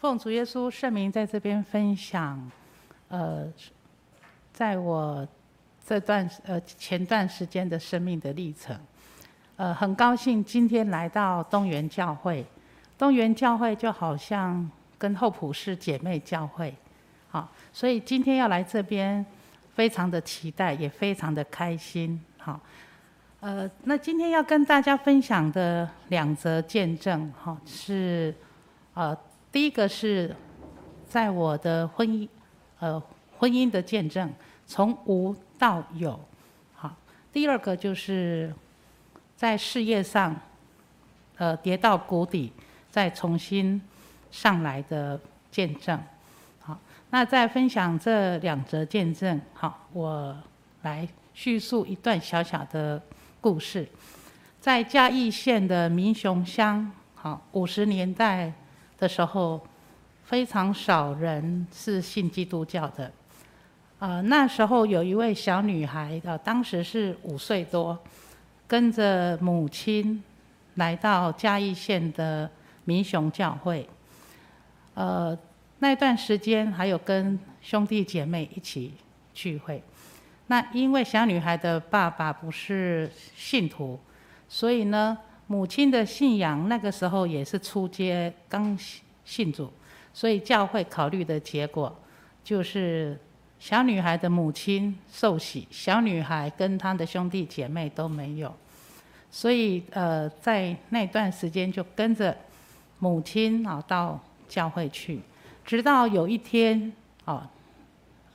奉主耶穌聖名，在這邊分享，呃，在我這段呃前段時間的生命的歷程，呃，很高興今天來到東園教會，東園教會就好像跟厚朴是姐妹教會，好，所以今天要來這邊，非常的期待，也非常的開心，好，呃，那今天要跟大家分享的兩則見證，哈、哦，是呃。第一個是在我的婚姻，呃，婚姻的見證，從無到有，好。第二個就是在事業上，呃，跌到谷底，再重新上來的見證，好。那再分享這兩則見證，好，我來敘述一段小小的故事，在嘉義縣的民雄鄉，好，五十年代。的時候，非常少人是信基督教的。啊、呃，那時候有一位小女孩，啊、呃，當時是五歲多，跟着母親來到嘉義縣的民雄教會。呃，那段時間還有跟兄弟姐妹一起聚會。那因為小女孩的爸爸不是信徒，所以呢，母親的信仰那個時候也是初階剛信信主，所以教會考慮的結果，就是小女孩的母親受洗，小女孩跟她的兄弟姐妹都沒有，所以呃，在那段時間就跟着母親啊到教會去，直到有一天啊，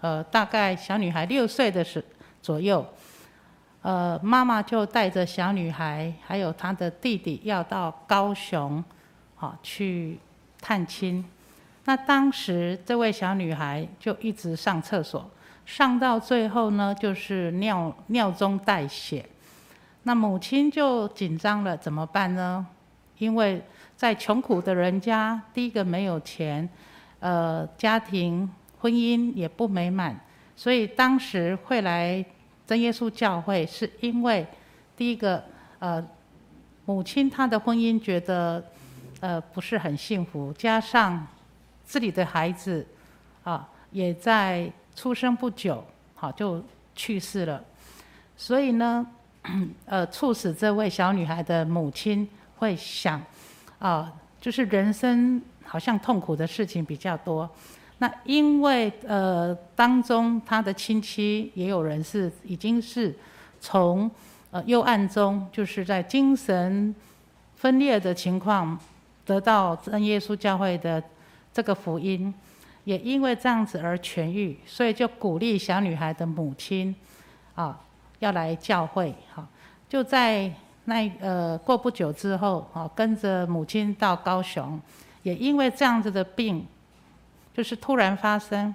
呃，大概小女孩六歲的時左右。呃，媽媽就帶着小女孩，還有她的弟弟，要到高雄，好、哦、去探親。那當時這位小女孩就一直上廁所，上到最後呢，就是尿尿中帶血。那母親就緊張了，怎麼辦呢？因為在窮苦的人家，第一個沒有錢，呃，家庭婚姻也不美滿，所以當時會來真耶穌教會是因為，第一個，呃，母親她的婚姻覺得，呃，不是很幸福，加上自己的孩子，啊，也在出生不久，好，就去世了，所以呢，呃，促使這位小女孩的母親會想，啊，就是人生好像痛苦的事情比較多。那因為呃，當中他的親戚也有人是已經是從呃幽暗中，就是在精神分裂的情況得到真耶穌教會的這個福音，也因為這樣子而痊癒，所以就鼓勵小女孩的母親啊要來教會，好、啊、就在那呃過不久之後啊，跟着母親到高雄，也因為這樣子的病。就是突然發生，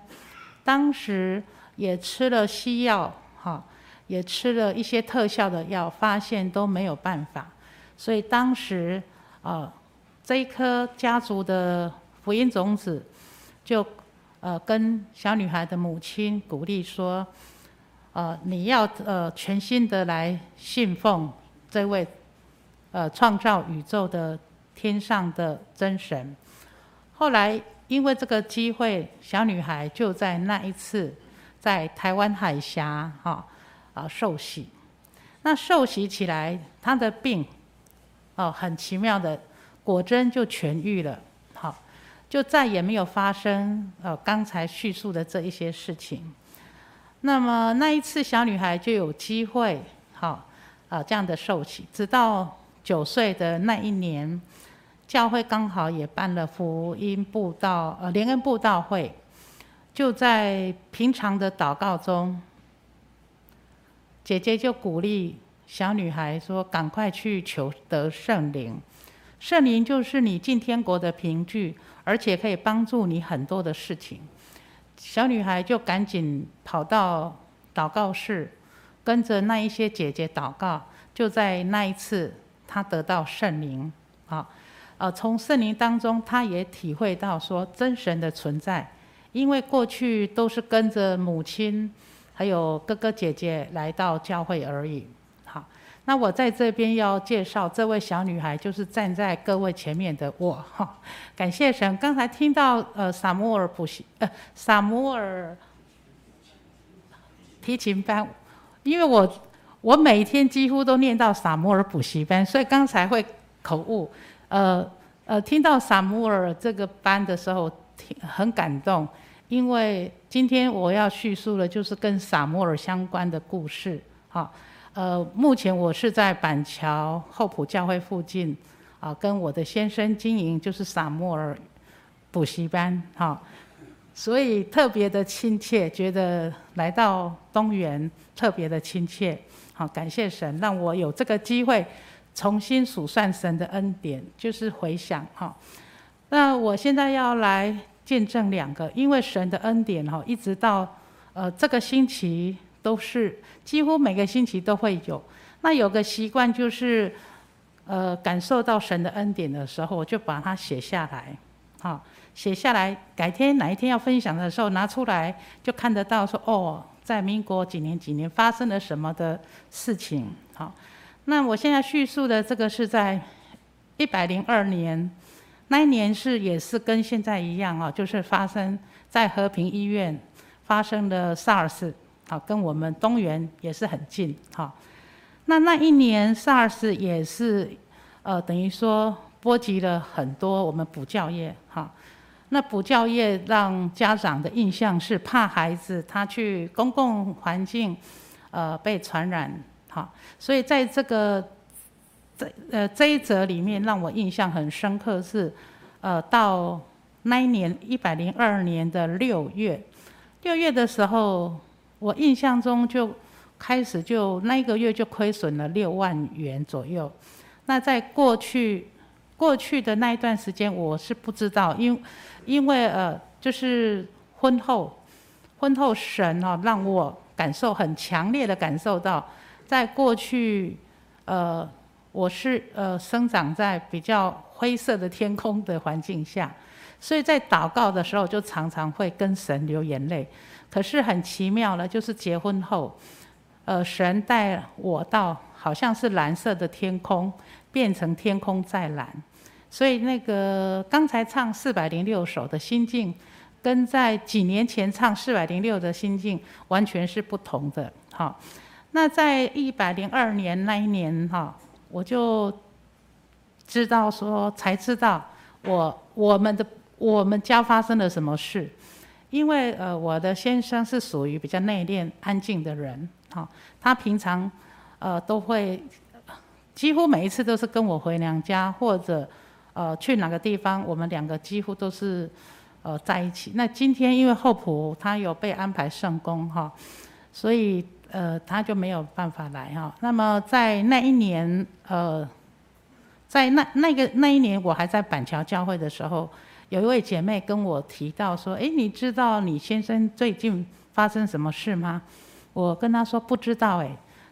當時也吃了西藥，哈，也吃了一些特效的藥，發現都沒有辦法，所以當時，啊、呃，這一顆家族的福音種子，就，呃，跟小女孩的母親鼓勵說，呃，你要呃全心的來信奉這位，呃，創造宇宙的天上的真神，後來。因為這個機會，小女孩就在那一次，在台灣海峽，哈、哦，啊、呃，受洗。那受洗起來，她的病，哦，很奇妙的，果真就痊癒了，好、哦，就再也沒有發生，呃，剛才敘述的這一些事情。那麼那一次，小女孩就有機會，好、哦，啊、呃，這樣的受洗，直到九歲的那一年。教會剛好也辦了福音佈道，呃，聯恩佈道會，就在平常的禱告中，姐姐就鼓勵小女孩說：“趕快去求得聖靈，聖靈就是你進天國的憑據，而且可以幫助你很多的事情。”小女孩就趕緊跑到禱告室，跟着那一些姐姐禱告，就在那一次，她得到聖靈，啊。呃，從聖靈當中，他也體會到說真神的存在，因為過去都是跟着母親，還有哥哥姐姐來到教會而已。好，那我在這邊要介紹這位小女孩，就是站在各位前面的我。哈、哦，感謝神，剛才聽到呃薩摩爾補習呃薩摩爾，提琴班，因為我我每天幾乎都念到薩摩爾補習班，所以剛才會口誤。呃呃，聽到撒母耳這個班的時候挺，很感動，因為今天我要敘述的，就是跟撒母耳相關的故事。哈、哦，呃，目前我是在板橋後埔教會附近啊、哦，跟我的先生經營就是撒母耳補習班。哈、哦，所以特別的親切，覺得來到東元特別的親切。好、哦，感謝神讓我有這個機會。重新數算神的恩典，就是回想哈。那我現在要來見證兩個，因為神的恩典哈，一直到呃這個星期都是幾乎每個星期都會有。那有個習慣就是，呃感受到神的恩典的時候，我就把它寫下來，哈，寫下來，改天哪一天要分享的時候拿出來，就看得到說哦，在民國幾年幾年發生了什麼的事情，哈。那我現在敘述的這個是在一百零二年，那一年是也是跟現在一樣啊，就是發生在和平醫院發生的 SARS 啊，跟我們東園也是很近哈。那那一年 SARS 也是呃，等於說波及了很多我們補教業哈。那補教業讓家長的印象是怕孩子他去公共環境呃被傳染。好，所以在這個這呃這一則裡面，讓我印象很深刻是，呃，到那一年一百零二年的六月，六月的時候，我印象中就開始就那一個月就虧損了六萬元左右。那在過去過去的那一段時間，我是不知道，因因為呃，就是婚後婚後神哦，讓我感受很強烈的感受到。在過去，呃，我是，呃，生長在比較灰色的天空的環境下，所以在禱告的時候就常常會跟神流眼淚。可是很奇妙了，就是結婚後，呃，神帶我到好像是藍色的天空，變成天空再藍。所以那個剛才唱四百零六首的心境，跟在幾年前唱四百零六的心境完全是不同的。好。那在一百零二年那一年哈，我就知道說，才知道我我們的我們家發生了什麼事。因為呃，我的先生是屬於比較內斂、安靜的人，哈、哦，他平常呃都會幾乎每一次都是跟我回娘家或者呃去哪個地方，我們兩個幾乎都是呃在一起。那今天因為厚朴他有被安排聖工哈、哦，所以。呃，他就沒有辦法來哈、哦。那麼在那一年，呃，在那那個那一年，我還在板橋教會的時候，有一位姐妹跟我提到說：“哎，你知道你先生最近發生什麼事嗎？”我跟她說不知道哎。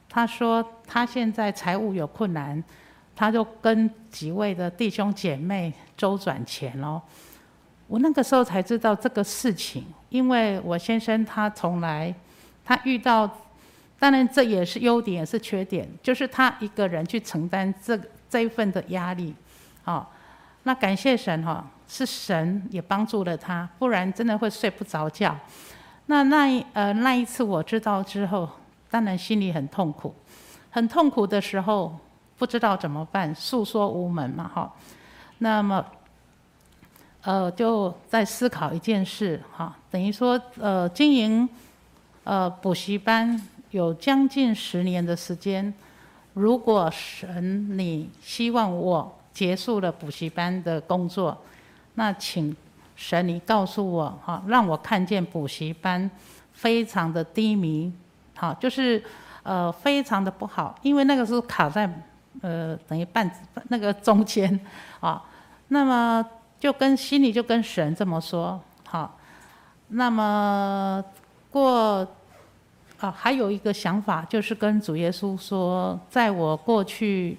她說他現在財務有困難，她就跟幾位的弟兄姐妹周轉錢哦。我那個時候才知道這個事情，因為我先生他從來他遇到。當然，這也是優點，也是缺點，就是他一個人去承擔這這一份的壓力，好，那感謝神哈、哦，是神也幫助了他，不然真的會睡不着覺。那那呃那一次我知道之後，當然心裡很痛苦，很痛苦的時候，不知道怎麼辦，訴說無門嘛哈。那麼，呃，就在思考一件事哈，等於說呃經營呃補習班。有將近十年的時間，如果神你希望我結束了補習班的工作，那請神你告訴我哈、哦，讓我看見補習班非常的低迷，哈、哦，就是呃非常的不好，因為那個是卡在呃等於半那個中間啊、哦，那麼就跟心裡就跟神這麼說好、哦，那麼過。啊，還有一個想法，就是跟主耶穌說，在我過去，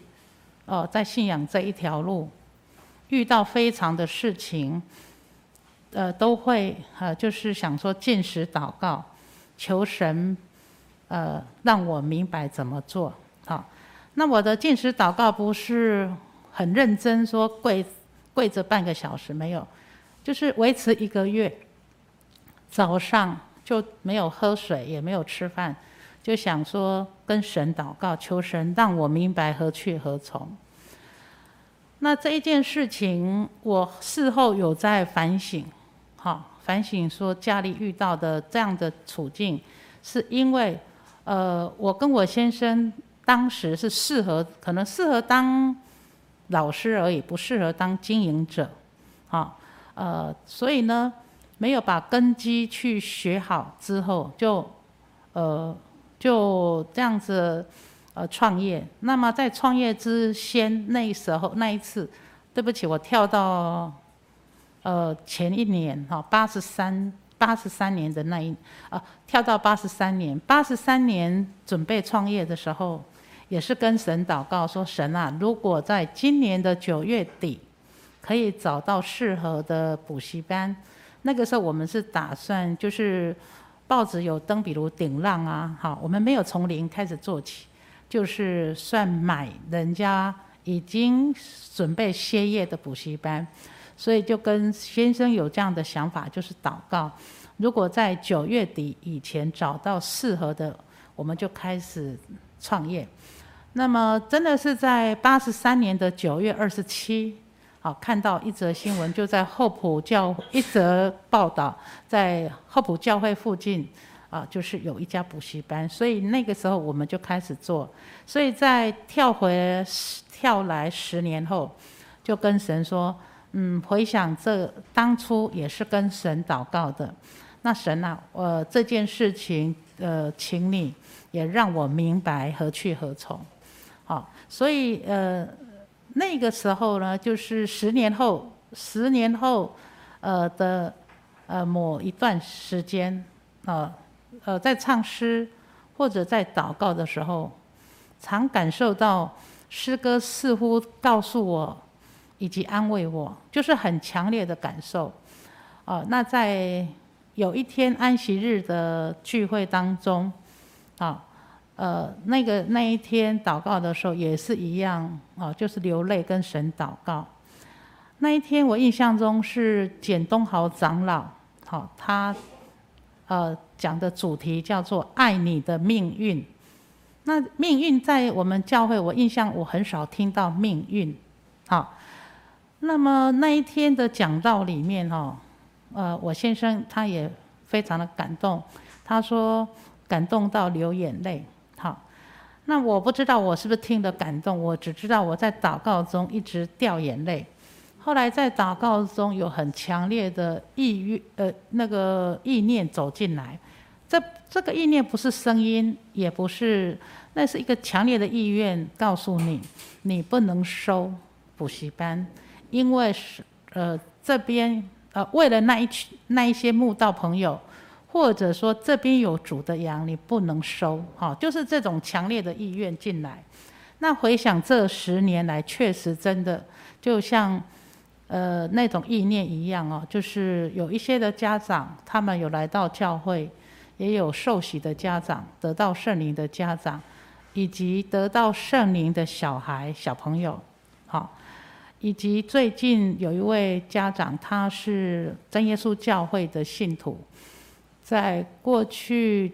哦、呃，在信仰這一條路，遇到非常的事情，呃，都會，呃，就是想說禁食禱告，求神，呃，讓我明白怎麼做。好、啊，那我的禁食禱告不是很認真，說跪跪着半個小時沒有，就是維持一個月，早上。就沒有喝水，也沒有吃飯，就想說跟神禱告，求神讓我明白何去何從。那這一件事情，我事後有在反省，好、哦、反省說家裡遇到的這樣的處境，是因為，呃，我跟我先生當時是適合，可能適合當老師而已，不適合當經營者，好、哦，呃，所以呢。沒有把根基去學好之後，就，呃，就這樣子，呃，創業。那麼在創業之前，那時候那一次，對不起，我跳到，呃，前一年哈，八十三八十三年的那一，啊、呃，跳到八十三年，八十三年準備創業的時候，也是跟神禱告說：神啊，如果在今年的九月底，可以找到適合的補習班。那個時候我們是打算，就是報紙有登，比如頂讓啊，好，我們沒有從零開始做起，就是算買人家已經準備歇業的補習班，所以就跟先生有這樣的想法，就是禱告，如果在九月底以前找到適合的，我們就開始創業。那麼真的是在八十三年的九月二十七，啊，看到一則新聞，就在後埔教一則報道，在後埔教會附近，啊，就是有一家補習班，所以那個時候我們就開始做。所以在跳回跳來十年後，就跟神說，嗯，回想這當初也是跟神禱告的，那神啊，呃，這件事情，呃，請你也讓我明白何去何從。好，所以呃。那個時候呢，就是十年後，十年後，呃的，呃某一段時間，啊，呃在唱詩或者在禱告的時候，常感受到詩歌似乎告訴我，以及安慰我，就是很強烈的感受，啊，那在有一天安息日的聚會當中，啊。呃，那個那一天禱告的時候也是一樣哦，就是流淚跟神禱告。那一天我印象中是簡東豪長老，好、哦，他呃講的主題叫做“愛你的命運”。那命運在我們教會，我印象我很少聽到命運。好、哦，那麼那一天的講道裡面哦，呃，我先生他也非常的感動，他說感動到流眼淚。那我不知道我是不是聽得感動，我只知道我在禱告中一直掉眼淚。後來在禱告中有很強烈的意慾，呃，那個意念走進來。這這個意念不是聲音，也不是，那是一個強烈的意願告訴你，你不能收補習班，因為是呃這邊呃為了那一群那一些慕道朋友。或者說這邊有主的羊，你不能收，哈，就是這種強烈的意願進來。那回想這十年來，確實真的就像，呃，那種意念一樣哦，就是有一些的家長，他們有來到教會，也有受洗的家長，得到聖靈的家長，以及得到聖靈的小孩小朋友，好，以及最近有一位家長，他是真耶穌教會的信徒。在過去，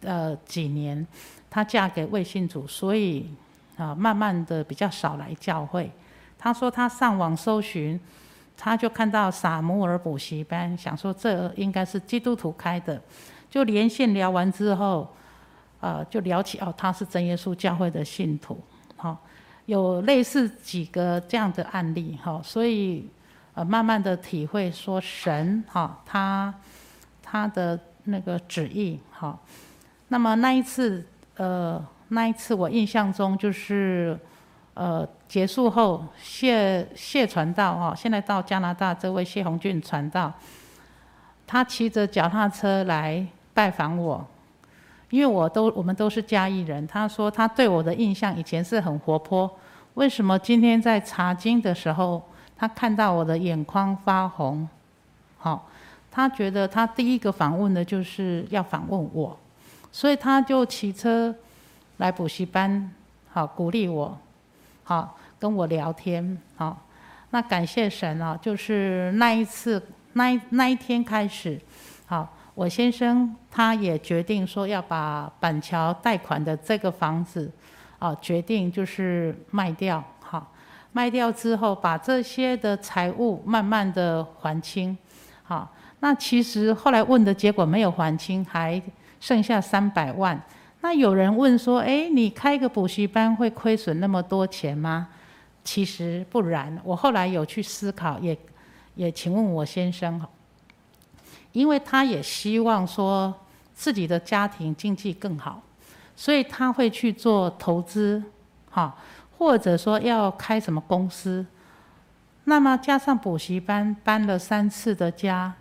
呃，幾年，她嫁給未信主，所以啊，慢慢的比較少來教會。她說她上網搜尋，她就看到撒母耳補習班，想說這應該是基督徒開的，就連線聊完之後，啊，就聊起哦，他是真耶穌教會的信徒。好，有類似幾個這樣的案例，好，所以呃，慢慢的體會說神哈他。他的那個旨意，好。那麼那一次，呃，那一次我印象中就是，呃，結束後，謝謝傳道啊、哦，現在到加拿大這位謝紅俊傳道，他騎着腳踏車來拜訪我，因為我都我們都是嘉義人。他說他對我的印象以前是很活潑，為什麼今天在查經的時候，他看到我的眼眶發紅，好、哦。他覺得他第一個訪問的就是要訪問我，所以他就騎車來補習班，好鼓勵我，好跟我聊天，好。那感謝神啊，就是那一次那那一天開始，好，我先生他也決定說要把板橋貸款的這個房子，啊，決定就是賣掉，好賣掉之後把這些的財物慢慢的還清。那其實後來問的結果沒有還清，還剩下三百萬。那有人問說：“哎，你開一個補習班會虧損那麼多錢嗎？”其實不然。我後來有去思考，也也請問我先生，因為他也希望說自己的家庭經濟更好，所以他會去做投資，哈，或者說要開什麼公司。那麼加上補習班搬了三次的家。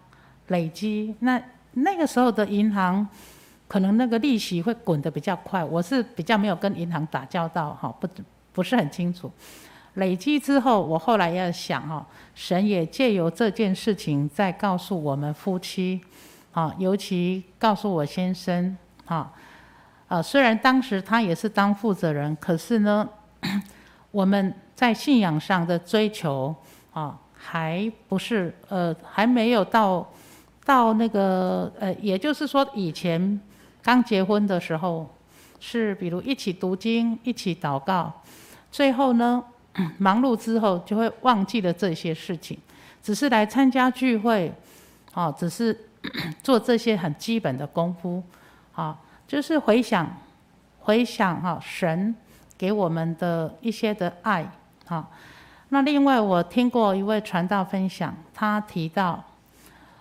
累積，那那個時候的銀行，可能那個利息會滾得比較快。我是比較沒有跟銀行打交道，哈，不不是很清楚。累積之後，我後來要想，哈，神也借由這件事情在告訴我們夫妻，啊，尤其告訴我先生，啊，啊，雖然當時他也是當負責人，可是呢，我們在信仰上的追求，啊，還不是，呃，還沒有到。到那個呃，也就是說，以前剛結婚的時候，是比如一起讀經、一起禱告。最後呢，忙碌之後就會忘記了這些事情，只是來參加聚會，哦，只是 做這些很基本的功夫，啊，就是回想、回想哈神給我們的一些的愛，啊。那另外，我聽過一位傳道分享，他提到。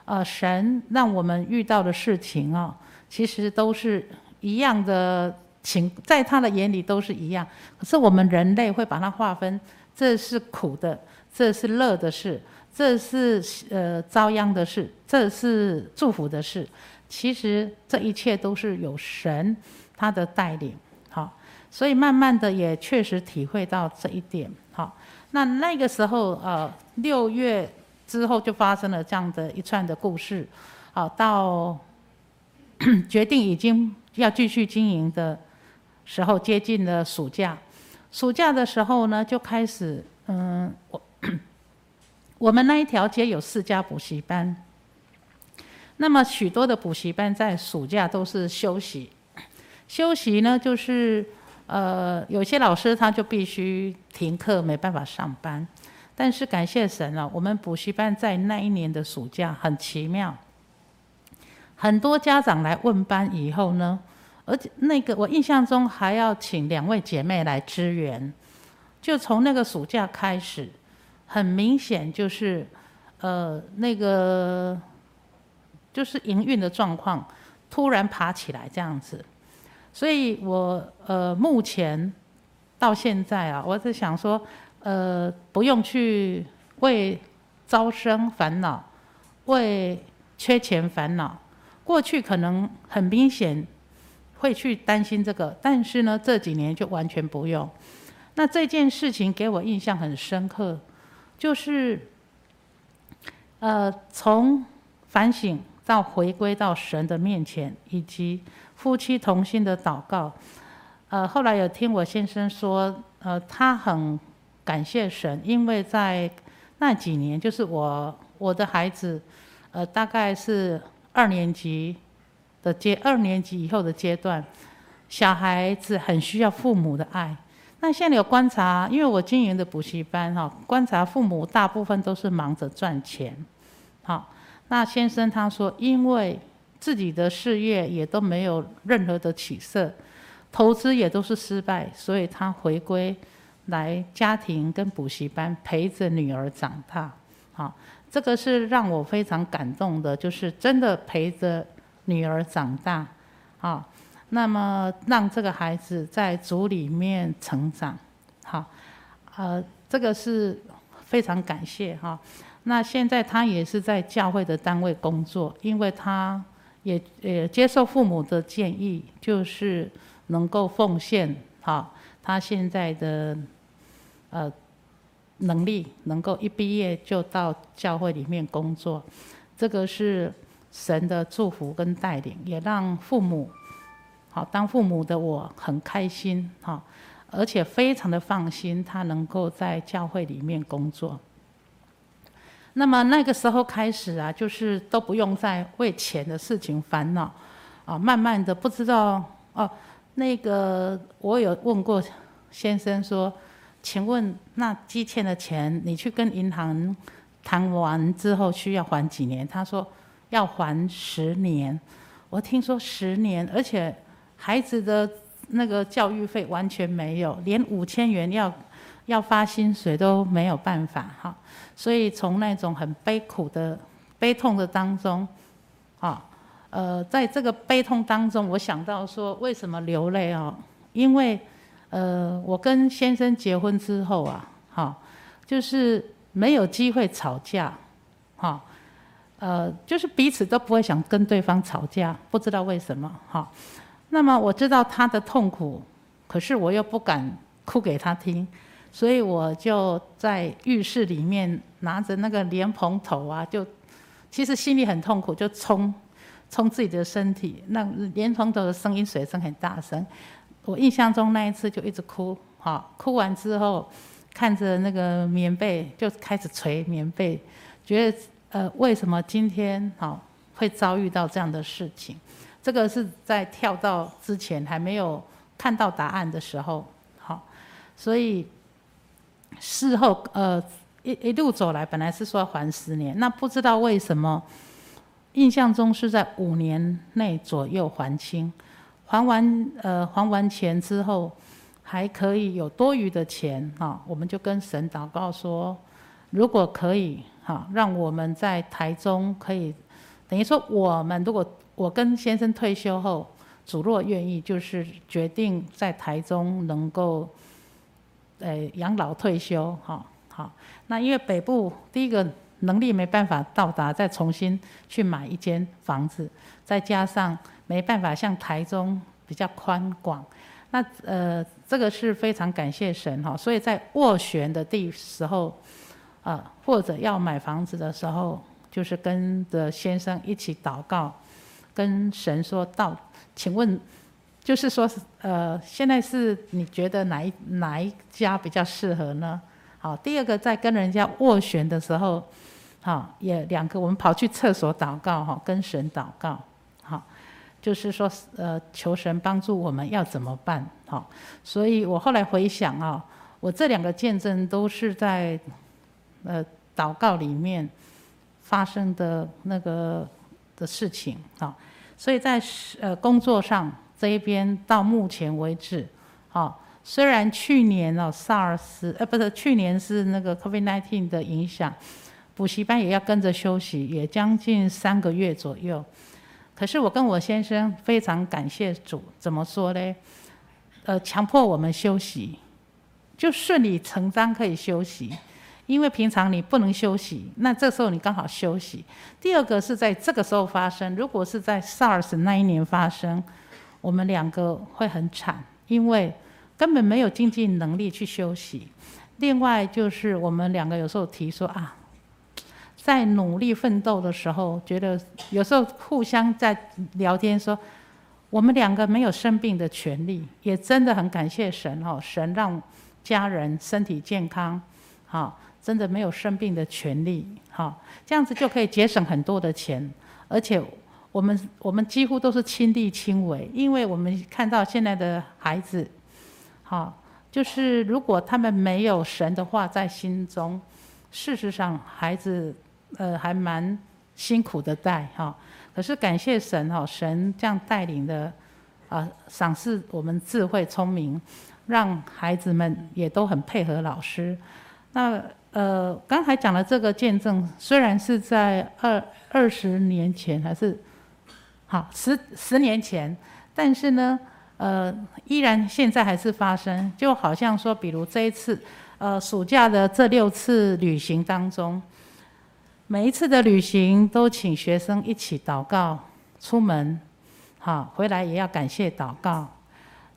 呃，神讓我們遇到的事情啊、哦，其實都是一樣的情，在他的眼裡都是一樣。可是我們人類會把它劃分，這是苦的，這是樂的事，這是呃遭殃的事，這是祝福的事。其實這一切都是有神他的帶領，好，所以慢慢的也確實體會到這一點。好，那那個時候呃六月。之後就發生了這樣的一串的故事，好，到決定已經要繼續經營的時候，接近了暑假。暑假的時候呢，就開始，嗯、呃，我我們那一條街有四家補習班。那麼許多的補習班在暑假都是休息，休息呢，就是呃，有些老師他就必須停課，沒辦法上班。但是感謝神了，啊，我們補習班在那一年的暑假很奇妙，很多家長來問班以後呢，而且那個我印象中還要請兩位姐妹來支援，就從那個暑假開始，很明顯就是呃那個就是營運的狀況突然爬起來這樣子，所以我呃目前到現在啊，我是想說。呃，不用去為招生煩惱，為缺錢煩惱。過去可能很明顯會去擔心這個，但是呢，這幾年就完全不用。那這件事情給我印象很深刻，就是呃，從反省到回歸到神的面前，以及夫妻同心的禱告。呃，後來有聽我先生說，呃，他很。感謝神，因為在那幾年，就是我我的孩子，呃，大概是二年級的階，二年級以後的階段，小孩子很需要父母的愛。那現在有觀察，因為我經營的補習班哈，觀察父母大部分都是忙着賺錢。好，那先生他說，因為自己的事業也都沒有任何的起色，投資也都是失敗，所以他回歸。來家庭跟補習班陪着女兒長大，好，這個是讓我非常感動的，就是真的陪着女兒長大，好，那麼讓這個孩子在主裡面成長，好，呃，這個是非常感謝哈。那現在他也是在教會的單位工作，因為他也呃接受父母的建議，就是能夠奉獻好，他現在的。呃，能力能夠一畢業就到教會裡面工作，這個是神的祝福跟帶領，也讓父母好，當父母的我很開心哈，而且非常的放心，他能夠在教會裡面工作。那麼那個時候開始啊，就是都不用再為錢的事情煩惱啊，慢慢的不知道哦，那個我有問過先生說。請問那積欠的錢，你去跟銀行談完之後，需要還幾年？他說要還十年。我聽說十年，而且孩子的那個教育費完全沒有，連五千元要要發薪水都沒有辦法哈。所以從那種很悲苦的、悲痛的當中，哈呃，在這個悲痛當中，我想到說為什麼流淚哦？因為。呃，我跟先生結婚之後啊，哈、哦，就是沒有機會吵架，哈、哦，呃，就是彼此都不會想跟對方吵架，不知道為什麼，哈、哦。那麼我知道他的痛苦，可是我又不敢哭給他聽，所以我就在浴室裡面拿着那個蓮蓬頭啊，就其實心裡很痛苦，就沖沖自己的身體，那蓮蓬頭的聲音、水聲很大聲。我印象中那一次就一直哭，好，哭完之後看着那個棉被就開始捶棉被，覺得呃為什麼今天好會遭遇到這樣的事情？這個是在跳到之前還沒有看到答案的時候，好，所以事後呃一一路走來，本來是說還十年，那不知道為什麼印象中是在五年內左右還清。還完呃還完錢之後，還可以有多餘的錢哈、哦，我們就跟神禱告說，如果可以哈、哦，讓我們在台中可以，等於說我們如果我跟先生退休後，主若願意，就是決定在台中能夠，呃養老退休哈、哦、好，那因為北部第一個能力沒辦法到達，再重新去買一間房子，再加上。沒辦法，像台中比較寬廣，那呃，這個是非常感謝神哈、哦。所以在斡旋的地時候，呃，或者要買房子的時候，就是跟着先生一起禱告，跟神說道：「請問，就是說呃，現在是你覺得哪一哪一家比較適合呢？」好、哦，第二個在跟人家斡旋的時候，好、哦，也兩個我們跑去廁所禱告哈、哦，跟神禱告。就是說，呃，求神幫助，我們要怎麼辦？好，所以我後來回想啊，我這兩個見證都是在，呃，禱告裡面發生的那個的事情啊。所以在呃工作上這一邊到目前為止，雖然去年哦，SARS，呃，不是，去年是那個 COVID-19 的影響，補習班也要跟着休息，也將近三個月左右。可是我跟我先生非常感謝主，怎麼說呢？呃，強迫我們休息，就順理成章可以休息，因為平常你不能休息，那這時候你剛好休息。第二個是在這個時候發生，如果是在 SARS 那一年發生，我們兩個會很慘，因為根本沒有經濟能力去休息。另外就是我們兩個有時候提說啊。在努力奮鬥的時候，覺得有時候互相在聊天說：“我們兩個沒有生病的權利，也真的很感謝神哈，神讓家人身體健康，哈，真的沒有生病的權利，哈，這樣子就可以節省很多的錢，而且我們我們幾乎都是親力親為，因為我們看到現在的孩子，哈，就是如果他們沒有神的話在心中，事實上孩子。”呃，還蠻辛苦的帶哈、哦，可是感謝神哈、哦，神這樣帶領的啊，賞、呃、賜我們智慧聰明，讓孩子們也都很配合老師。那呃，剛才講的這個見證，雖然是在二二十年前還是好、哦、十十年前，但是呢，呃，依然現在還是發生。就好像說，比如這一次呃暑假的這六次旅行當中。每一次的旅行，都請學生一起禱告出門，好回來也要感謝禱告。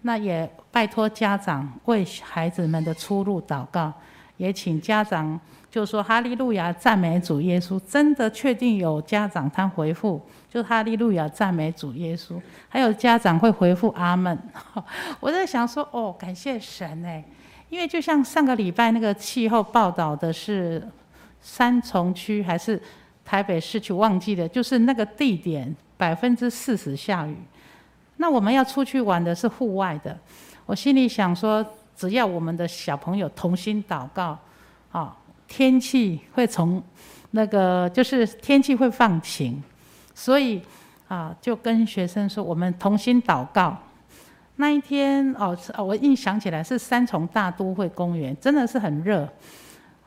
那也拜托家長為孩子們的出入禱告，也請家長就說哈利路亞讚美主耶穌。真的確定有家長他回復就哈利路亞讚美主耶穌，還有家長會回復阿門。我在想說哦，感謝神哎，因為就像上個禮拜那個氣候報道的是。三重區還是台北市區，忘記了，就是那個地點百分之四十下雨。那我們要出去玩的是戶外的，我心裡想說，只要我們的小朋友同心禱告，啊，天氣會從那個就是天氣會放晴。所以啊，就跟學生說，我們同心禱告。那一天哦，我印象起來是三重大都會公園，真的是很熱。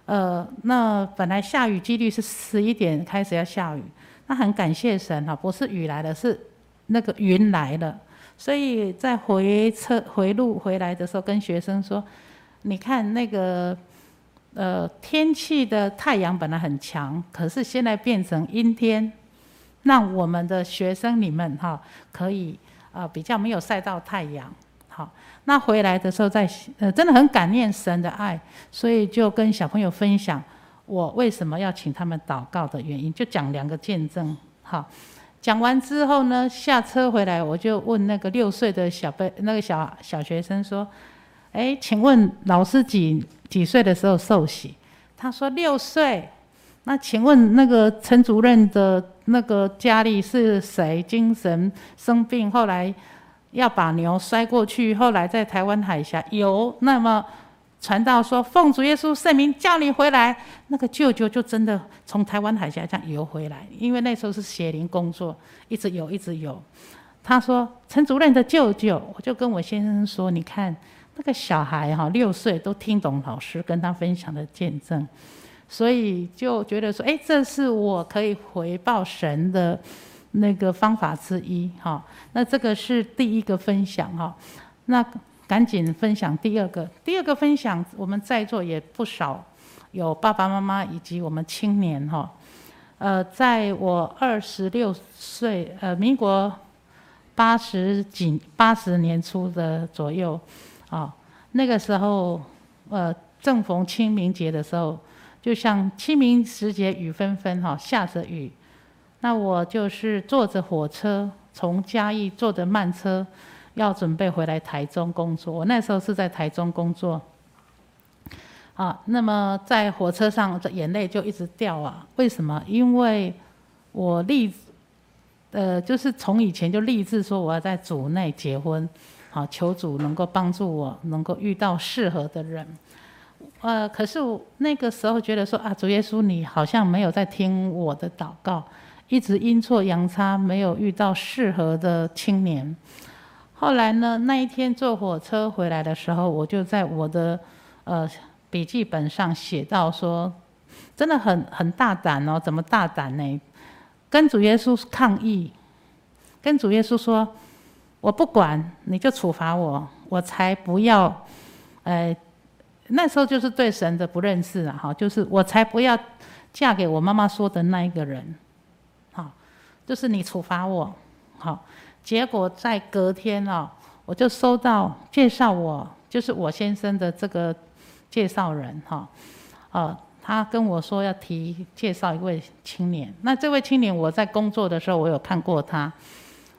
呃，那本來下雨幾率是十一點開始要下雨，那很感謝神哈、啊，不是雨來了，是那個雲來了。所以在回車回路回來的時候，跟學生說，你看那個呃天氣的太陽本來很強，可是現在變成陰天，那我們的學生你們哈、啊、可以啊比較沒有曬到太陽，好。那回來的時候在，再呃，真的很感念神的愛，所以就跟小朋友分享我為什麼要請他們禱告的原因，就講兩個見證。好，講完之後呢，下車回來，我就問那個六歲的小貝，那個小小學生說：“哎、欸，請問老師幾幾歲的時候受洗？”他說：“六歲。”那請問那個陳主任的那個家裡是誰精神生病？後來。要把牛摔過去，後來在台灣海峽游，那麼傳道說，奉主耶穌聖名叫你回來，那個舅舅就真的從台灣海峽這樣游回來，因為那時候是邪靈工作，一直游一直游。他說，陳主任的舅舅，我就跟我先生說，你看那個小孩哈，六歲都聽懂老師跟他分享的見證，所以就覺得說，誒，這是我可以回報神的。那個方法之一，哈，那這個是第一個分享，哈，那趕緊分享第二個。第二個分享，我們在座也不少有爸爸媽媽以及我們青年，哈，呃，在我二十六歲，呃，民國八十幾八十年初的左右，啊，那個時候，呃，正逢清明節的時候，就像清明時節雨紛紛，哈，下着雨。那我就是坐着火車從嘉義坐着慢車，要準備回來台中工作。我那時候是在台中工作，好，那麼在火車上，我的眼淚就一直掉啊。為什麼？因為我立，呃，就是從以前就立志說我要在主內結婚，好，求主能夠幫助我，能夠遇到適合的人。呃，可是那個時候覺得說啊，主耶穌，你好像沒有在聽我的禱告。一直陰錯陽差沒有遇到適合的青年，後來呢？那一天坐火車回來的時候，我就在我的呃筆記本上寫到說，真的很很大膽哦，怎麼大膽呢？跟主耶穌抗議，跟主耶穌說，我不管，你就處罰我，我才不要。呃，那時候就是對神的不認識啊，哈，就是我才不要嫁給我媽媽說的那一個人。就是你處罰我，好，結果在隔天哦，我就收到介紹我，就是我先生的這個介紹人哈，他跟我說要提介紹一位青年。那這位青年我在工作的時候，我有看過他，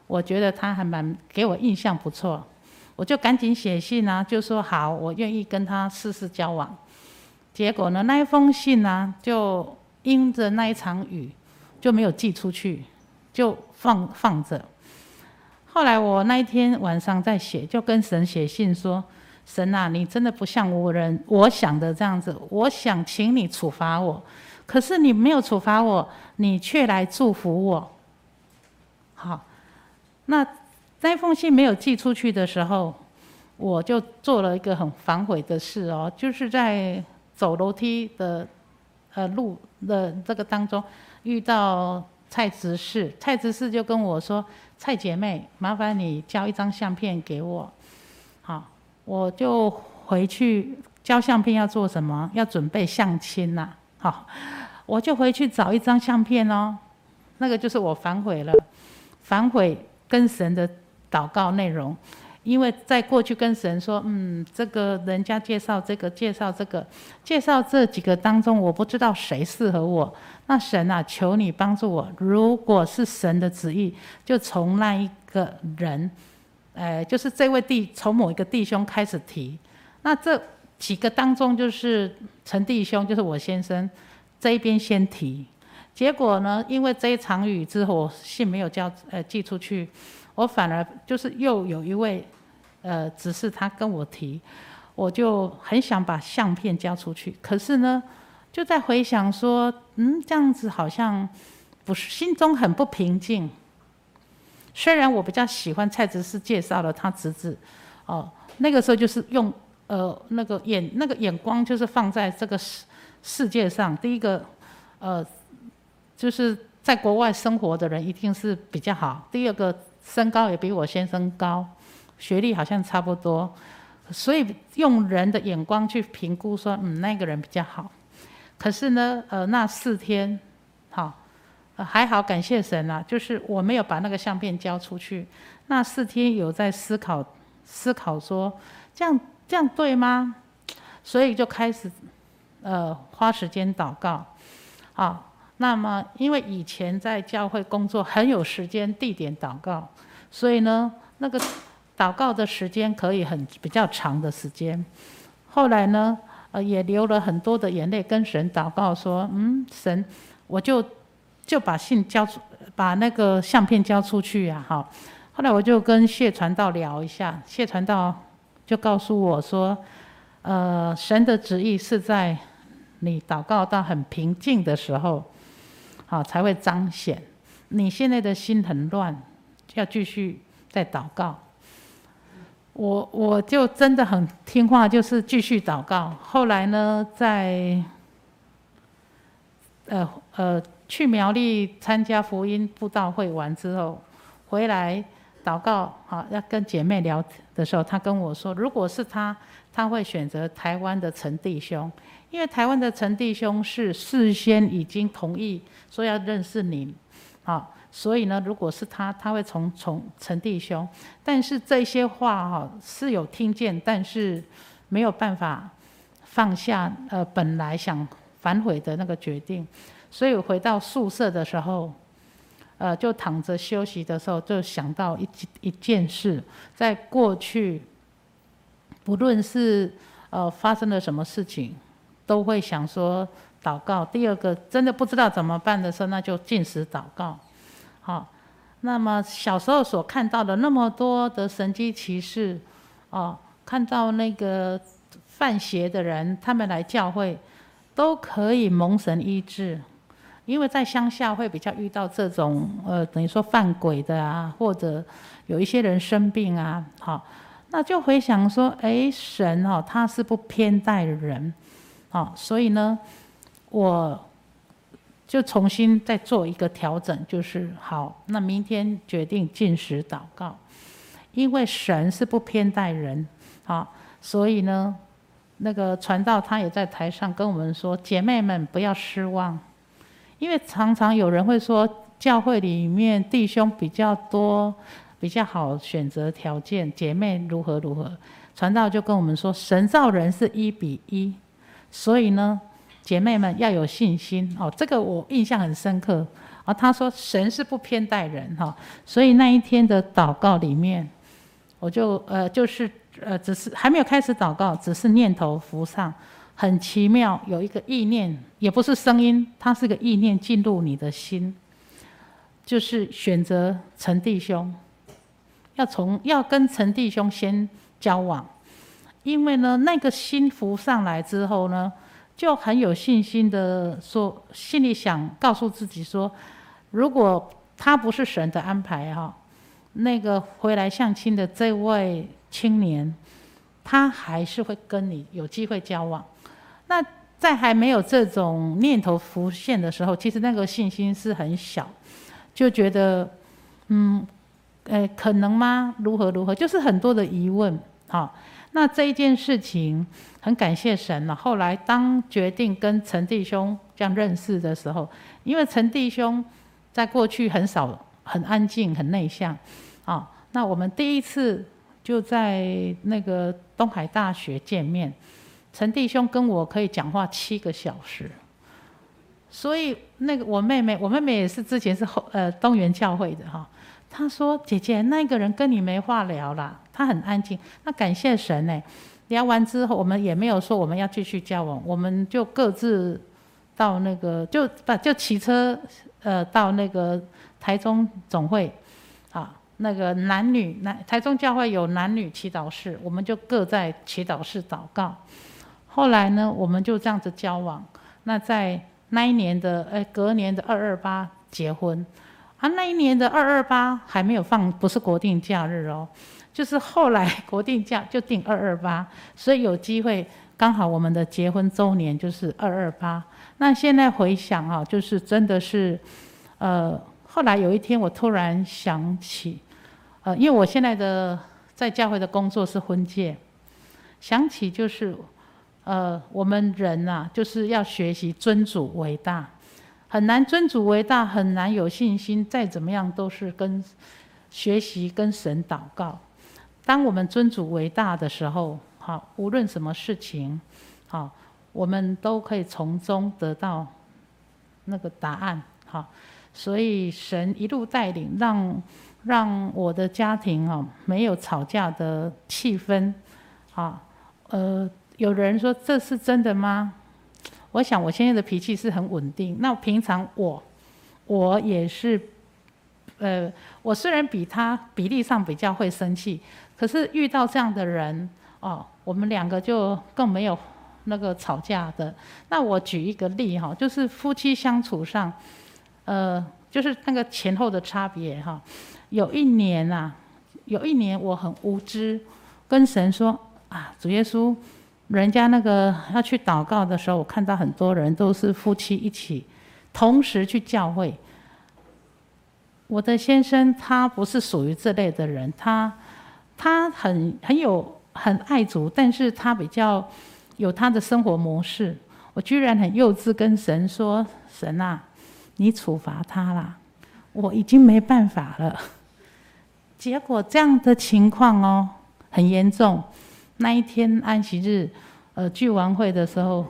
我覺得他還蠻給我印象不錯，我就趕緊寫信啊，就說好，我願意跟他試試交往。結果呢，那一封信呢，啊，就因着那一場雨就沒有寄出去。就放放着。後來我那一天晚上在寫，就跟神寫信說：“神啊，你真的不像我人我想的這樣子。我想請你處罰我，可是你沒有處罰我，你卻來祝福我。”好，那那封信沒有寄出去的時候，我就做了一個很反悔的事哦，就是在走樓梯的呃路的這個當中遇到。蔡執事，蔡執事就跟我說：“蔡姐妹，麻煩你交一張相片給我，好，我就回去交相片要做什麼？要準備相親啦。好，我就回去找一張相片哦。那個就是我反悔了，反悔跟神的禱告內容，因為在過去跟神說，嗯，這個人家介紹這個介紹這個介紹這幾個當中，我不知道誰適合我。”那神啊，求你幫助我。如果是神的旨意，就從那一個人，呃，就是這位弟，從某一個弟兄開始提。那這幾個當中，就是陳弟兄，就是我先生，這一邊先提。結果呢，因為這一場雨之後，我信沒有交，呃，寄出去，我反而就是又有一位，呃，執事他跟我提，我就很想把相片交出去。可是呢，就在回想說，嗯，這樣子好像不是，心中很不平靜。雖然我比較喜歡蔡執事介紹了他侄子，哦、呃，那個時候就是用呃那個眼那個眼光，就是放在這個世世界上。第一個，呃，就是在國外生活的人一定是比較好。第二個，身高也比我先生高，學歷好像差不多，所以用人的眼光去評估說，嗯，那個人比較好。可是呢，呃，那四天，好、哦呃，還好，感謝神啊，就是我沒有把那個相片交出去。那四天有在思考，思考說這樣這樣對嗎？所以就開始，呃，花時間禱告，啊、哦，那麼因為以前在教會工作很有時間地點禱告，所以呢，那個禱告的時間可以很比較長的時間。後來呢？呃，也流了很多的眼淚，跟神禱告說：“嗯，神，我就就把信交出，把那個相片交出去啊。”好，後來我就跟謝傳道聊一下，謝傳道就告訴我說：“呃，神的旨意是在你禱告到很平靜的時候，好才會彰顯。你現在的心很亂，要繼續再禱告。”我我，就真的很聽話，就是繼續禱告。後來呢，在呃呃去苗栗參加福音布道會完之後，回來禱告，好、啊、要跟姐妹聊的時候，他跟我說，如果是他，他會選擇台灣的陳弟兄，因為台灣的陳弟兄是事先已經同意說要認識你，好、啊。所以呢，如果是他，他會從從陳弟兄，但是這些話哈是有聽見，但是沒有辦法放下。呃，本來想反悔的那個決定，所以我回到宿舍的時候，呃，就躺着休息的時候，就想到一一件事，在過去，不論是呃發生了什麼事情，都會想說禱告。第二個，真的不知道怎麼辦的時候，那就禁食禱告。好，那麼小時候所看到的那麼多的神蹟奇事，哦，看到那個犯邪的人，他們來教會，都可以蒙神醫治，因為在鄉下會比較遇到這種，呃，等於說犯鬼的啊，或者有一些人生病啊，好，那就回想說，哎，神哦，他是不偏待人，哦。所以呢，我。就重新再做一個調整，就是好，那明天決定禁食禱告，因為神是不偏待人，好，所以呢，那個傳道他也在台上跟我們說，姐妹們不要失望，因為常常有人會說教會裡面弟兄比較多，比較好選擇條件，姐妹如何如何，傳道就跟我們說，神造人是一比一，所以呢。姐妹們要有信心哦，這個我印象很深刻哦、啊。他說神是不偏待人哈、哦，所以那一天的禱告裡面，我就呃就是呃只是還沒有開始禱告，只是念頭浮上，很奇妙，有一個意念，也不是聲音，它是個意念進入你的心，就是選擇陳弟兄，要從要跟陳弟兄先交往，因為呢那個心浮上來之後呢。就很有信心的說，心裡想告訴自己說，如果他不是神的安排哈，那個回來相親的這位青年，他還是會跟你有機會交往。那在還沒有這種念頭浮現的時候，其實那個信心是很小，就覺得，嗯，誒，可能嗎？如何如何？就是很多的疑問哈。那這一件事情很感謝神了。後來當決定跟陳弟兄這樣認識的時候，因為陳弟兄在過去很少、很安靜、很內向，啊，那我們第一次就在那個東海大學見面，陳弟兄跟我可以講話七個小時，所以那個我妹妹，我妹妹也是之前是後呃東園教會的哈，她說姐姐，那個人跟你沒話聊了。他很安靜，那感謝神呢。聊完之後，我們也沒有說我們要繼續交往，我們就各自到那個就就騎車呃到那個台中總會啊，那個男女台中教會有男女祈禱室，我們就各在祈禱室禱告。後來呢，我們就這樣子交往。那在那一年的誒、欸，隔年的二二八結婚。啊，那一年的二二八還沒有放，不是國定假日哦，就是後來國定假就定二二八，所以有機會剛好我們的結婚週年就是二二八。那現在回想啊，就是真的是，呃，後來有一天我突然想起，呃，因為我現在的在教會的工作是婚介，想起就是，呃，我們人吶，啊，就是要學習尊主為大，很難尊主為大，很難有信心。再怎麼樣都是跟學習、跟神禱告。當我們尊主為大的時候，好，無論什麼事情，好，我們都可以從中得到那個答案。好，所以神一路帶領，讓讓我的家庭啊沒有吵架的氣氛。好，呃，有人說這是真的嗎？我想我現在的脾氣是很穩定。那平常我，我也是，呃，我雖然比他比例上比較會生氣，可是遇到這樣的人哦，我們兩個就更沒有那個吵架的。那我舉一個例哈，就是夫妻相處上，呃，就是那個前後的差別哈。有一年啊，有一年我很無知，跟神說啊，主耶穌。人家那個要去禱告的時候，我看到很多人都是夫妻一起，同時去教會。我的先生他不是屬於這類的人，他他很很有很愛主，但是他比較有他的生活模式。我居然很幼稚跟神說：“神啊，你處罰他了，我已經沒辦法了。”結果這樣的情況哦，很嚴重。那一天安息日，呃，聚完會的時候，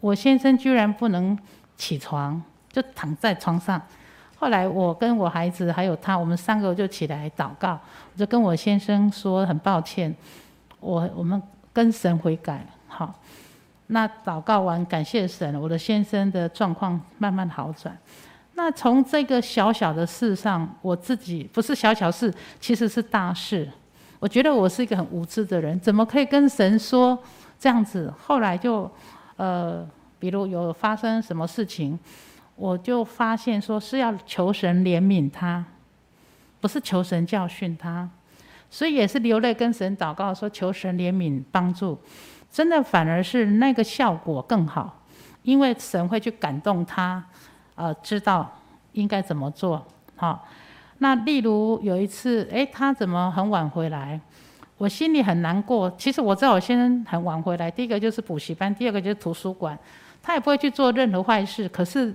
我先生居然不能起床，就躺在床上。後來我跟我孩子還有他，我們三個就起來禱告，我就跟我先生說很抱歉，我我們跟神悔改，好。那禱告完，感謝神，我的先生的狀況慢慢好轉。那從這個小小的事上，我自己不是小小事，其實是大事。我覺得我是一個很無知的人，怎麼可以跟神說這樣子？後來就，呃，比如有發生什麼事情，我就發現說是要求神憐憫他，不是求神教訓他，所以也是流淚跟神禱告，說求神憐憫幫助，真的反而是那個效果更好，因為神會去感動他，呃，知道應該怎麼做，好、哦。那例如有一次，哎，他怎麼很晚回來？我心裡很難過。其實我知道，我先生很晚回來，第一個就是補習班，第二個就是圖書館。他也不會去做任何壞事，可是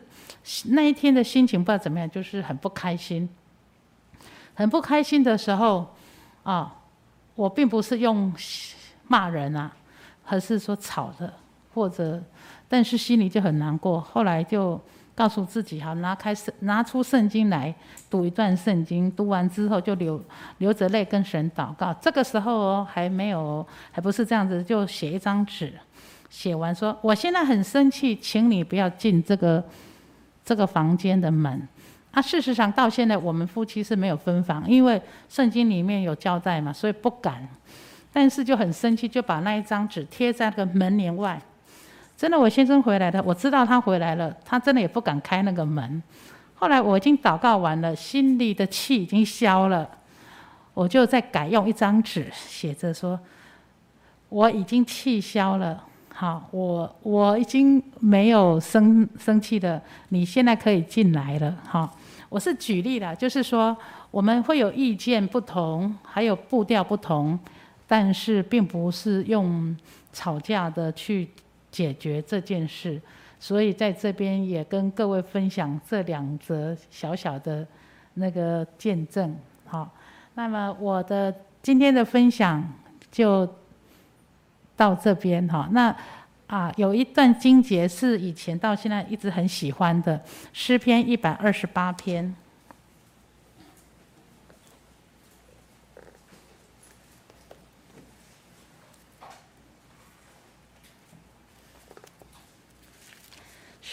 那一天的心情不知道怎麼樣，就是很不開心。很不開心的時候，啊，我並不是用罵人啊，還是說吵的，或者，但是心裡就很難過。後來就。告訴自己，好，拿開聖，拿出聖經來讀一段聖經，讀完之後就流流着淚跟神禱告。這個時候哦，還沒有，還不是這樣子，就寫一張紙，寫完說我現在很生氣，請你不要進這個這個房間的門。啊，事實上到現在我們夫妻是沒有分房，因為聖經裡面有交代嘛，所以不敢。但是就很生氣，就把那一張紙貼在那個門簾外。真的，我先生回來的，我知道他回來了，他真的也不敢開那個門。後來我已經禱告完了，心裡的氣已經消了，我就再改用一張紙寫着說：“我已經氣消了，好，我我已經沒有生生氣了，你現在可以進來了。”哈，我是舉例了，就是說我們會有意見不同，還有步調不同，但是並不是用吵架的去解決這件事，所以在這邊也跟各位分享這兩則小小的那個見證，好。那麼我的今天的分享就到這邊哈。那啊，有一段經節是以前到現在一直很喜歡的詩篇一百二十八篇。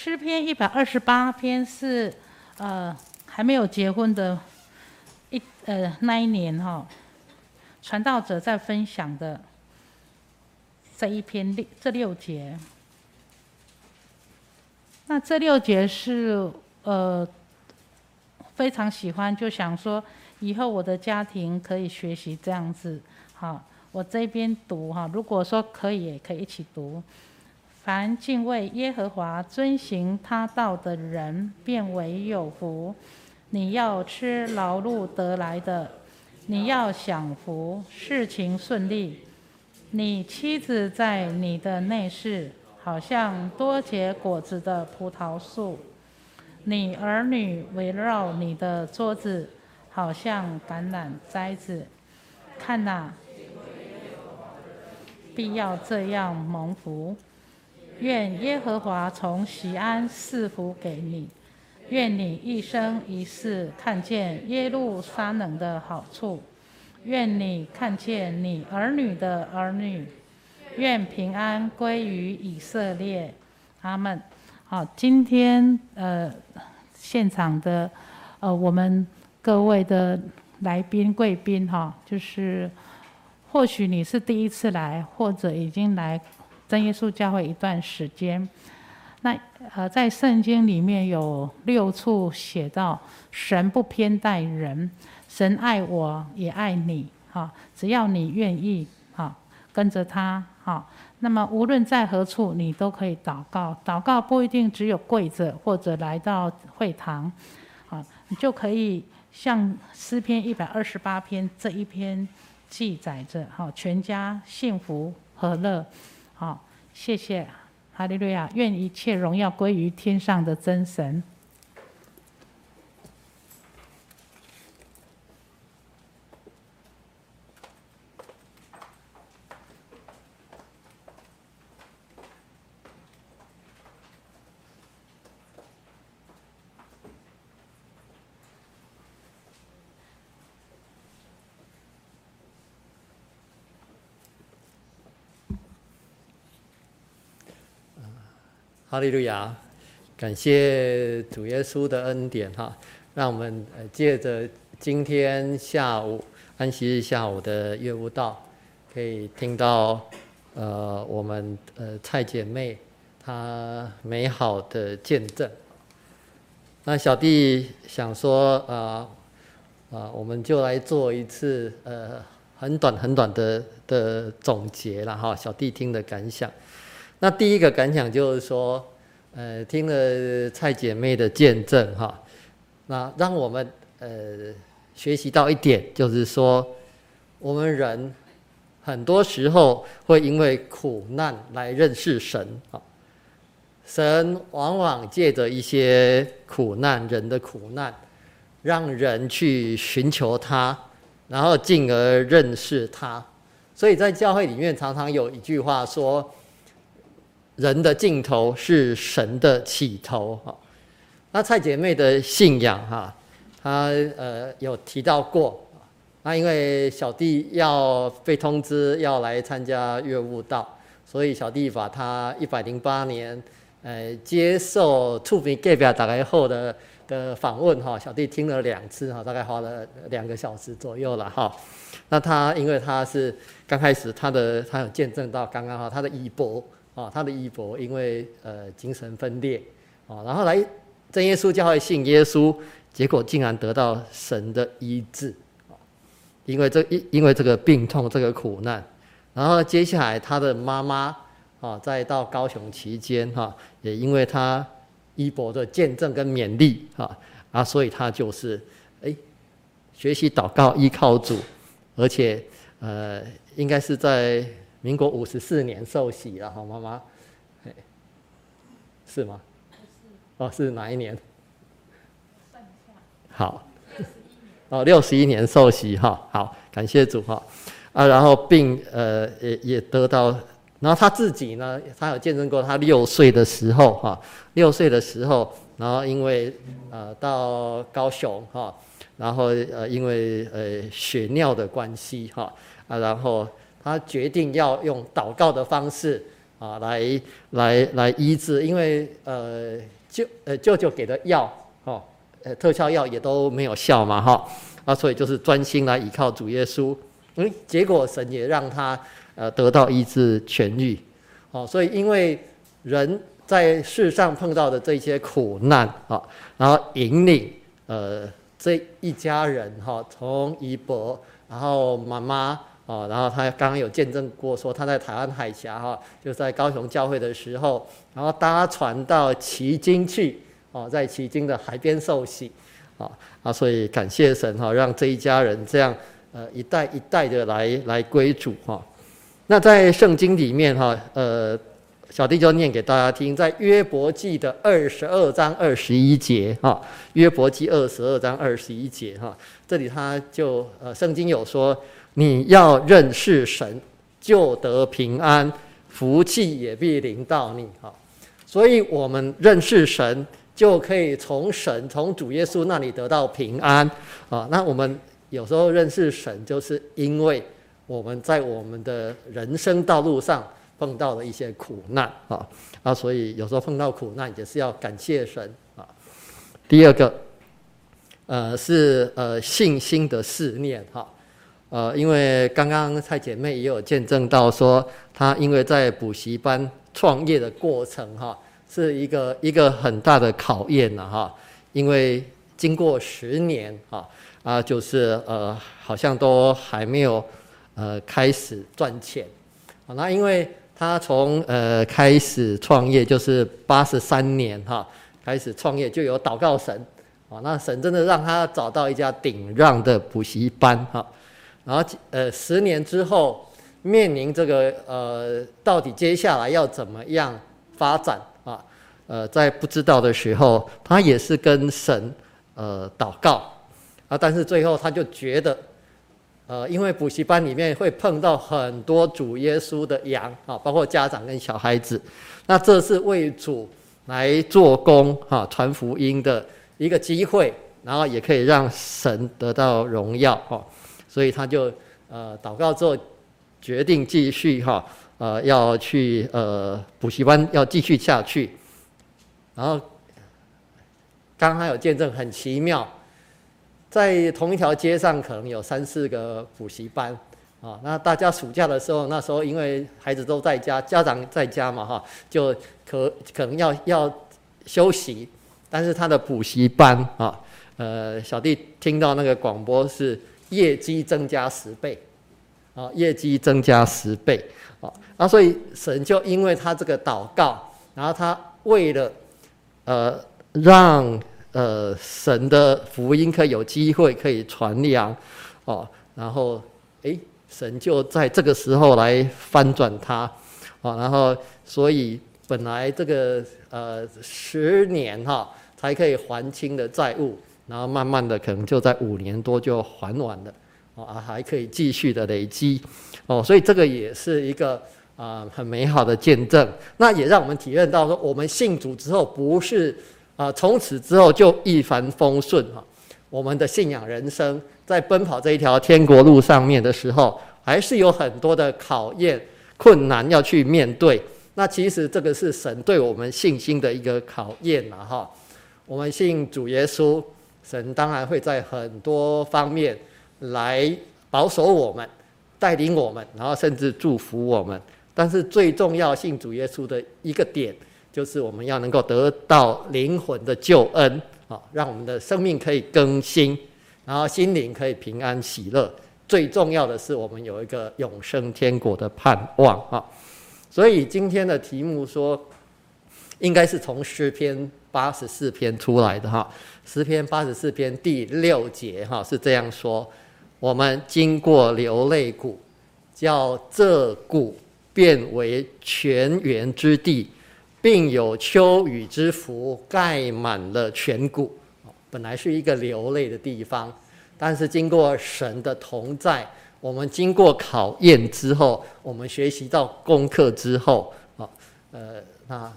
詩篇一百二十八篇是，呃，還沒有結婚的一，一呃那一年哈、哦，傳道者在分享的這一篇這六節。那這六節是呃非常喜歡，就想說以後我的家庭可以學習這樣子。哈，我這邊讀哈，如果說可以，也可以一起讀。凡敬畏耶和華、遵行他道的人，便為有福。你要吃勞碌得來的，你要享福，事情順利。你妻子在你的內室，好像多結果子的葡萄樹；你兒女圍繞你的桌子，好像橄欖栽子。看哪、啊，必要這樣蒙福。願耶和華從錫安賜福給你，願你一生一世看見耶路撒冷的好處，願你看見你兒女的兒女，願平安歸於以色列，阿門。好，今天呃，現場的呃，我們各位的來賓貴賓哈，就是或許你是第一次來，或者已經來。真耶穌教會一段時間，那呃，在聖經裡面有六處寫到神不偏待人，神愛我也愛你，哈，只要你願意哈，跟着他哈，那麼無論在何處，你都可以禱告，禱告不一定只有跪着或者來到會堂，哈，你就可以像詩篇一百二十八篇這一篇記載着，哈，全家幸福和樂。好，謝謝，哈利路亞，願一切榮耀歸於天上的真神。哈利路亞！感謝主耶穌的恩典哈，讓我們呃借着今天下午安息日下午的月悟道，可以聽到呃我們呃蔡姐妹她美好的見證。那小弟想說啊、呃、啊，我們就來做一次呃很短很短的的總結了哈、哦，小弟聽的感想。那第一個感想就是說，呃，聽了蔡姐妹的見證哈、哦，那讓我們呃學習到一點，就是說，我們人很多時候會因為苦難來認識神啊、哦。神往往借着一些苦難，人的苦難，讓人去尋求他，然後進而認識他。所以在教會裡面，常常有一句話說，人的盡頭是神的起頭哈，那蔡姐妹的信仰哈，她呃有提到過。那因為小弟要被通知要來參加月悟道，所以小弟把他一百零八年呃接受觸屏蓋表打開後的的訪問哈，小弟聽了兩次哈，大概花了兩個小時左右了哈。那他因為他是剛開始他的他有見證到剛剛哈他的一波。啊，他的依伯因為呃精神分裂，啊，然後來真耶穌教會信耶穌，結果竟然得到神的醫治，啊，因為這一，因為這個病痛這個苦難，然後接下來他的媽媽啊、哦，再到高雄期間哈、哦，也因為他依伯的見證跟勉勵哈、哦、啊，所以他就是哎學習禱告依靠主，而且呃應該是在。民國五十四年受洗了，好媽媽，是嗎？是？哦，是哪一年？好年，哦，六十一年受洗哈，好，感謝主哈、哦，啊，然後並呃也也得到，然後他自己呢，他有見證過，他六歲的時候哈、哦，六歲的時候，然後因為呃到高雄哈、哦，然後呃因為呃血尿的關係哈、哦，啊然後。他決定要用禱告的方式啊，來來來醫治，因為呃，舅呃舅舅給的藥、哦、呃特效藥也都沒有效嘛哈、哦，啊，所以就是專心來依靠主耶穌，嗯，結果神也讓他呃得到醫治痊癒，哦，所以因為人在世上碰到的這些苦難啊、哦，然後引領呃這一家人哈，從姨伯，然後媽媽。哦，然後他剛剛有見證過，說他在台灣海峽哈，就是、在高雄教會的時候，然後搭船到旗津去，哦，在旗津的海邊受洗，啊啊，所以感謝神哈，讓這一家人這樣呃一代一代的來來歸主哈。那在聖經裡面哈，呃，小弟就念給大家聽，在約伯記的二十二章二十一節哈，約伯記二十二章二十一節哈，這裡他就呃，聖經有說。你要認識神，就得平安，福氣也必臨到你哈。所以，我們認識神，就可以從神、從主耶穌那裡得到平安啊。那我們有時候認識神，就是因為我們在我們的人生道路上碰到了一些苦難啊啊，所以有時候碰到苦難，也是要感謝神啊。第二個，呃，是呃信心的試煉哈。呃，因為剛剛蔡姐妹也有見證到說，她因為在補習班創業的過程哈、啊，是一個一個很大的考驗呢哈、啊。因為經過十年啊啊，就是呃，好像都還沒有呃開始賺錢。好、啊，那因為她從呃開始創業就是八十三年哈、啊，開始創業就有禱告神，啊，那神真的讓她找到一家頂讓的補習班哈。啊然後，呃，十年之後面臨這個呃，到底接下來要怎麼樣發展啊？呃，在不知道的時候，他也是跟神呃禱告啊。但是最後他就覺得，呃，因為補習班裡面會碰到很多主耶穌的羊啊，包括家長跟小孩子，那這是為主來做工啊，傳福音的一個機會，然後也可以讓神得到榮耀啊。所以他就呃禱告之後決定繼續哈呃要去呃補習班要繼續下去，然後剛剛有見證很奇妙，在同一條街上可能有三四個補習班啊、哦。那大家暑假的時候那時候因為孩子都在家，家長在家嘛哈、哦、就可可能要要休息，但是他的補習班啊、哦、呃小弟聽到那個廣播是。業績增加十倍，啊，業績增加十倍，啊，那所以神就因為他這個禱告，然後他為了，呃，讓呃神的福音可以有機會可以傳揚，哦、啊，然後誒、欸、神就在這個時候來翻轉他，哦、啊，然後所以本來這個呃十年哈才可以還清的債務。然後慢慢的，可能就在五年多就還完了，哦啊，還可以繼續的累積，哦，所以這個也是一個啊很美好的見證。那也讓我們體驗到說，我們信主之後，不是啊從此之後就一帆風順哈。我們的信仰人生在奔跑這一條天國路上面的時候，還是有很多的考驗、困難要去面對。那其實這個是神對我們信心的一個考驗了哈。我們信主耶穌。神當然會在很多方面來保守我們，帶領我們，然後甚至祝福我們。但是最重要信主耶穌的一個點，就是我們要能夠得到靈魂的救恩啊，讓我們的生命可以更新，然後心靈可以平安喜樂。最重要的是，我們有一個永生天國的盼望啊。所以今天的題目說，應該是從詩篇八十四篇出來的哈。詩篇八十四篇第六節哈是這樣說，我們經過流淚谷，叫這谷變為泉源之地，並有秋雨之福，蓋滿了全谷。本來是一個流淚的地方，但是經過神的同在，我們經過考驗之後，我們學習到功課之後，啊，呃，那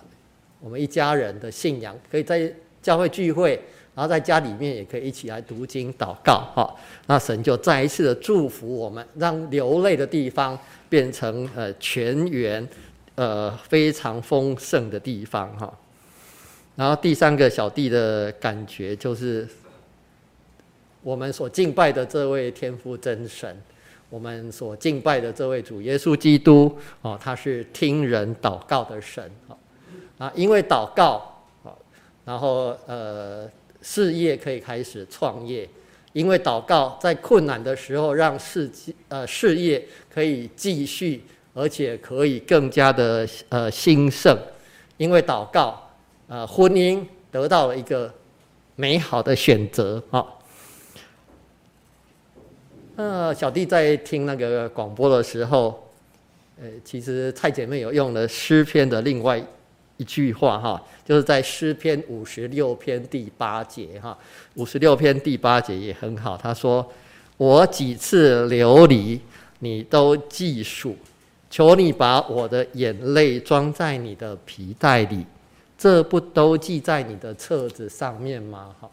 我們一家人的信仰可以在教會聚會。然後在家裡面也可以一起來讀經禱告，哈，那神就再一次的祝福我們，讓流淚的地方變成呃泉源呃非常豐盛的地方，哈。然後第三個小弟的感覺就是，我們所敬拜的這位天父真神，我們所敬拜的這位主耶穌基督，哦，他是聽人禱告的神，啊，因為禱告，哦，然後呃。事業可以開始創業，因為禱告在困難的時候，讓事呃事業可以繼續，而且可以更加的呃興盛，因為禱告，呃，婚姻得到了一個美好的選擇啊。呃，小弟在聽那個廣播的時候，呃，其實蔡姊妹有用了詩篇的另外。一句話哈，就是在詩篇五十六篇第八節哈，五十六篇第八節也很好。他說：“我幾次流離，你都記數，求你把我的眼淚裝在你的皮袋裡，這不都記在你的冊子上面嗎？”哈，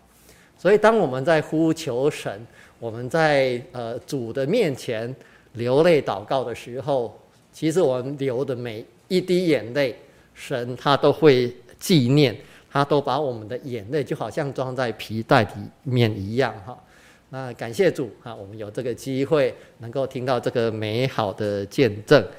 所以當我們在呼求神，我們在呃主的面前流淚禱告的時候，其實我們流的每一滴眼淚。神他都會紀念，他都把我們的眼淚就好像裝在皮袋裡面一樣哈。那感謝主啊，我們有這個機會能夠聽到這個美好的見證。